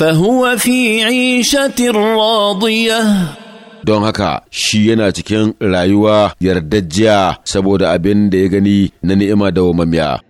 فهو في عيشة راضية don haka shi yana cikin rayuwa yardajjiya saboda abin da ya gani na ni'ima da wamamiya.